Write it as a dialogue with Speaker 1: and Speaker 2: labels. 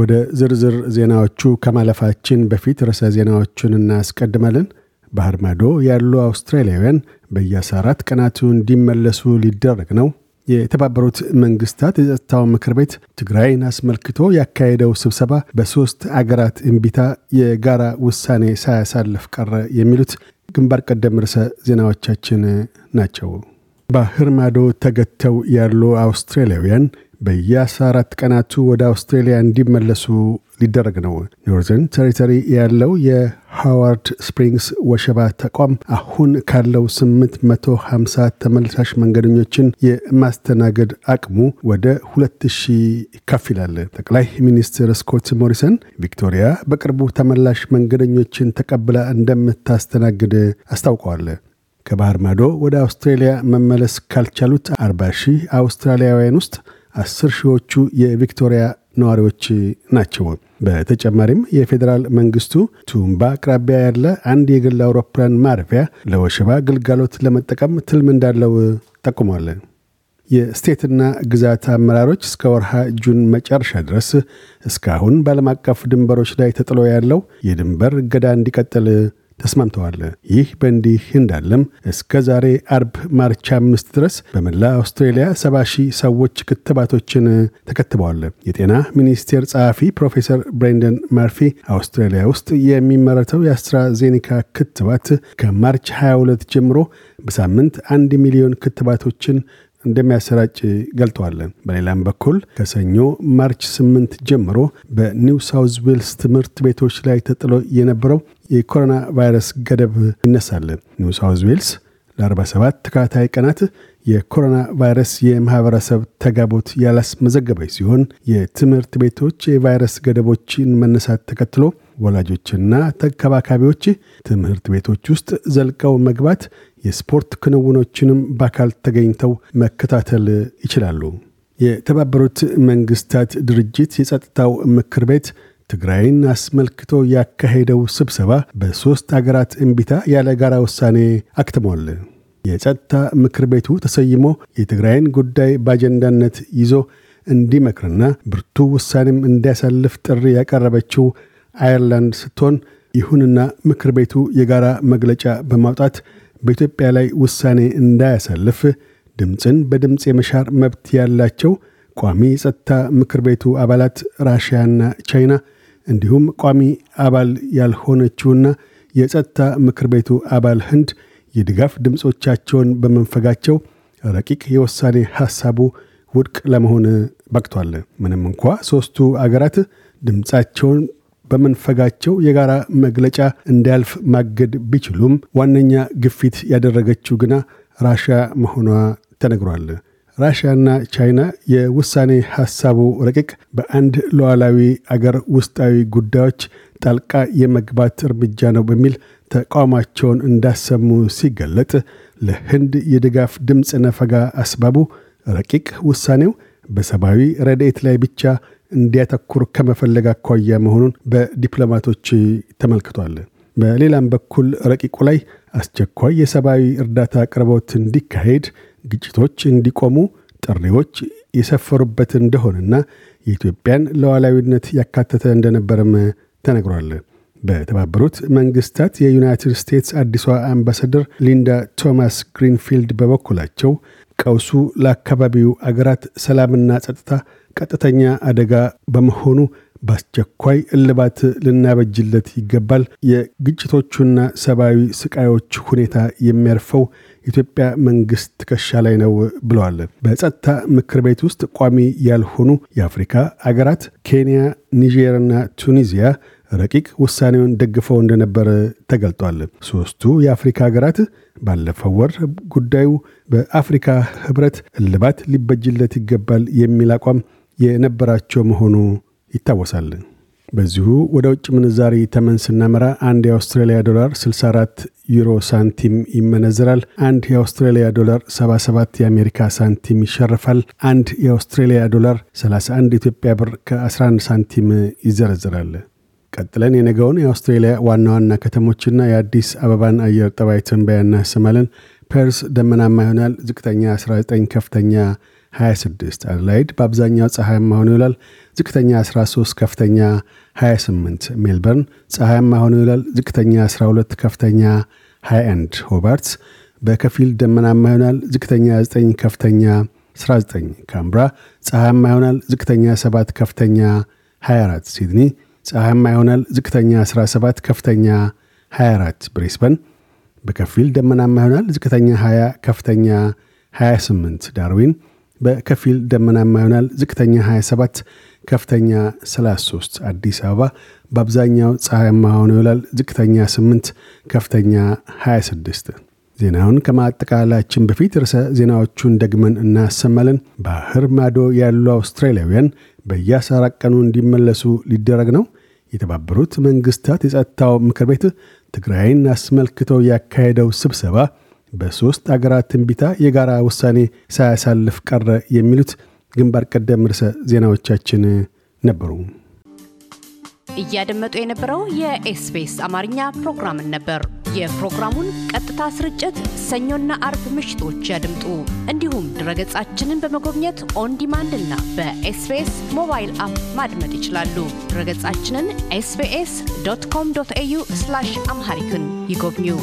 Speaker 1: ወደ ዝርዝር ዜናዎቹ ከማለፋችን በፊት ርዕሰ ዜናዎቹን እናስቀድማለን። ባህር ማዶ ያሉ አውስትራሊያውያን በየ ቀናቱ እንዲመለሱ ሊደረግ ነው። የተባበሩት መንግስታት የጸጥታው ምክር ቤት ትግራይን አስመልክቶ ያካሄደው ስብሰባ በሶስት አገራት እንቢታ የጋራ ውሳኔ ሳያሳልፍ ቀረ። የሚሉት ግንባር ቀደም ርዕሰ ዜናዎቻችን ናቸው። ባህር ማዶ ተገተው ያሉ አውስትራሊያውያን በየ14 ቀናቱ ወደ አውስትሬልያ እንዲመለሱ ሊደረግ ነው። ኖርዘርን ቴሪተሪ ያለው የሃዋርድ ስፕሪንግስ ወሸባ ተቋም አሁን ካለው 850 ተመላሽ መንገደኞችን የማስተናገድ አቅሙ ወደ 2000 ከፍ ይላል። ጠቅላይ ሚኒስትር ስኮት ሞሪሰን ቪክቶሪያ በቅርቡ ተመላሽ መንገደኞችን ተቀብላ እንደምታስተናግድ አስታውቀዋል። ከባህር ማዶ ወደ አውስትራሊያ መመለስ ካልቻሉት 40 ሺህ አውስትራሊያውያን ውስጥ አስር ሺዎቹ የቪክቶሪያ ነዋሪዎች ናቸው። በተጨማሪም የፌዴራል መንግስቱ ቱምባ አቅራቢያ ያለ አንድ የግል አውሮፕላን ማረፊያ ለወሸባ ግልጋሎት ለመጠቀም ትልም እንዳለው ጠቁሟል። የስቴትና ግዛት አመራሮች እስከ ወርሃ ጁን መጨረሻ ድረስ እስካሁን በዓለም አቀፍ ድንበሮች ላይ ተጥሎ ያለው የድንበር እገዳ እንዲቀጥል ተስማምተዋል። ይህ በእንዲህ እንዳለም እስከ ዛሬ አርብ ማርች አምስት ድረስ በመላ አውስትሬልያ ሰባ ሺህ ሰዎች ክትባቶችን ተከትበዋል። የጤና ሚኒስቴር ጸሐፊ ፕሮፌሰር ብሬንደን መርፊ አውስትሬሊያ ውስጥ የሚመረተው የአስትራዜኒካ ክትባት ከማርች 22 ጀምሮ በሳምንት አንድ ሚሊዮን ክትባቶችን እንደሚያሰራጭ ገልጠዋል። በሌላም በኩል ከሰኞ ማርች 8 ጀምሮ በኒው ሳውዝ ዌልስ ትምህርት ቤቶች ላይ ተጥሎ የነበረው የኮሮና ቫይረስ ገደብ ይነሳል። ኒው ሳውዝ ዌልስ ለ47 ተከታታይ ቀናት የኮሮና ቫይረስ የማህበረሰብ ተጋቦት ያላስመዘገበች ሲሆን የትምህርት ቤቶች የቫይረስ ገደቦችን መነሳት ተከትሎ ወላጆችና ተከባካቢዎች ትምህርት ቤቶች ውስጥ ዘልቀው መግባት፣ የስፖርት ክንውኖችንም በአካል ተገኝተው መከታተል ይችላሉ። የተባበሩት መንግስታት ድርጅት የጸጥታው ምክር ቤት ትግራይን አስመልክቶ ያካሄደው ስብሰባ በሦስት አገራት እምቢታ ያለ ጋራ ውሳኔ አክትሟል። የጸጥታ ምክር ቤቱ ተሰይሞ የትግራይን ጉዳይ በአጀንዳነት ይዞ እንዲመክርና ብርቱ ውሳኔም እንዲያሳልፍ ጥሪ ያቀረበችው አየርላንድ ስትሆን ይሁንና ምክር ቤቱ የጋራ መግለጫ በማውጣት በኢትዮጵያ ላይ ውሳኔ እንዳያሳልፍ ድምፅን በድምፅ የመሻር መብት ያላቸው ቋሚ የጸጥታ ምክር ቤቱ አባላት ራሽያና ቻይና እንዲሁም ቋሚ አባል ያልሆነችውና የጸጥታ ምክር ቤቱ አባል ህንድ የድጋፍ ድምፆቻቸውን በመንፈጋቸው ረቂቅ የውሳኔ ሐሳቡ ውድቅ ለመሆን በቅቷል። ምንም እንኳ ሦስቱ አገራት ድምፃቸውን በመንፈጋቸው የጋራ መግለጫ እንዳያልፍ ማገድ ቢችሉም ዋነኛ ግፊት ያደረገችው ግና ራሻ መሆኗ ተነግሯል። ራሽያና ቻይና የውሳኔ ሐሳቡ ረቂቅ በአንድ ለዋላዊ አገር ውስጣዊ ጉዳዮች ጣልቃ የመግባት እርምጃ ነው በሚል ተቃውማቸውን እንዳሰሙ ሲገለጥ ለህንድ የድጋፍ ድምፅ ነፈጋ አስባቡ ረቂቅ ውሳኔው በሰብአዊ ረዳኤት ላይ ብቻ እንዲያተኩር ከመፈለግ አኳያ መሆኑን በዲፕሎማቶች ተመልክቷል። በሌላም በኩል ረቂቁ ላይ አስቸኳይ የሰብአዊ እርዳታ አቅርቦት እንዲካሄድ፣ ግጭቶች እንዲቆሙ ጥሪዎች የሰፈሩበት እንደሆነና የኢትዮጵያን ለዋላዊነት ያካተተ እንደነበረም ተነግሯል። በተባበሩት መንግስታት የዩናይትድ ስቴትስ አዲሷ አምባሳደር ሊንዳ ቶማስ ግሪንፊልድ በበኩላቸው ቀውሱ ለአካባቢው አገራት ሰላምና ጸጥታ ቀጥተኛ አደጋ በመሆኑ በአስቸኳይ እልባት ልናበጅለት ይገባል። የግጭቶቹና ሰብአዊ ስቃዮች ሁኔታ የሚያርፈው የኢትዮጵያ መንግስት ትከሻ ላይ ነው ብለዋል። በጸጥታ ምክር ቤት ውስጥ ቋሚ ያልሆኑ የአፍሪካ አገራት ኬንያ፣ ኒጀርና ቱኒዚያ ረቂቅ ውሳኔውን ደግፈው እንደነበር ተገልጧል። ሦስቱ የአፍሪካ ሀገራት ባለፈው ወር ጉዳዩ በአፍሪካ ህብረት እልባት ሊበጅለት ይገባል የሚል አቋም የነበራቸው መሆኑ ይታወሳል። በዚሁ ወደ ውጭ ምንዛሪ ተመን ስናመራ አንድ የአውስትራሊያ ዶላር 64 ዩሮ ሳንቲም ይመነዝራል። አንድ የአውስትራሊያ ዶላር 77 የአሜሪካ ሳንቲም ይሸርፋል። አንድ የአውስትራሊያ ዶላር 31 ኢትዮጵያ ብር ከ11 ሳንቲም ይዘረዝራል። ቀጥለን የነገውን የአውስትሬሊያ ዋና ዋና ከተሞችና የአዲስ አበባን አየር ጠባይ ትንበያ እናሰማለን። ፐርስ ደመናማ ይሆናል። ዝቅተኛ 19፣ ከፍተኛ 26 አድላይድ በአብዛኛው ፀሐያማ ሆኖ ይውላል። ዝቅተኛ 13 ከፍተኛ 28 ሜልበርን ፀሐያማ ሆኖ ይውላል። ዝቅተኛ 12 ከፍተኛ 21 ሆባርት በከፊል ደመናማ ይሆናል። ዝቅተኛ 9 ከፍተኛ 19 ካምብራ ፀሐያማ ይሆናል። ዝቅተኛ 7 ከፍተኛ 24 ሲድኒ ፀሐያማ ይሆናል። ዝቅተኛ 17 ከፍተኛ 24 ብሬስበን በከፊል ደመናማ ይሆናል። ዝቅተኛ 20 ከፍተኛ 28 ዳርዊን በከፊል ደመናማ ይሆናል። ዝቅተኛ 27፣ ከፍተኛ 33። አዲስ አበባ በአብዛኛው ፀሐያማ ሆኖ ይውላል። ዝቅተኛ 8፣ ከፍተኛ 26። ዜናውን ከማጠቃላችን በፊት ርዕሰ ዜናዎቹን ደግመን እናሰማለን። ባህር ማዶ ያሉ አውስትራሊያውያን በየአስራ ቀኑ እንዲመለሱ ሊደረግ ነው። የተባበሩት መንግስታት የጸጥታው ምክር ቤት ትግራይን አስመልክቶ ያካሄደው ስብሰባ በሦስት አገራት ትንቢታ የጋራ ውሳኔ ሳያሳልፍ ቀረ የሚሉት ግንባር ቀደም ርዕሰ ዜናዎቻችን ነበሩ። እያደመጡ የነበረው የኤስቢኤስ አማርኛ ፕሮግራምን ነበር። የፕሮግራሙን ቀጥታ ስርጭት ሰኞና አርብ ምሽቶች ያድምጡ። እንዲሁም ድረገጻችንን በመጎብኘት ኦንዲማንድ እና በኤስቢኤስ ሞባይል አፕ ማድመጥ ይችላሉ። ድረገጻችንን ኤስቢኤስ ዶት ኮም ዶት ኤዩ አምሃሪክን ይጎብኙ።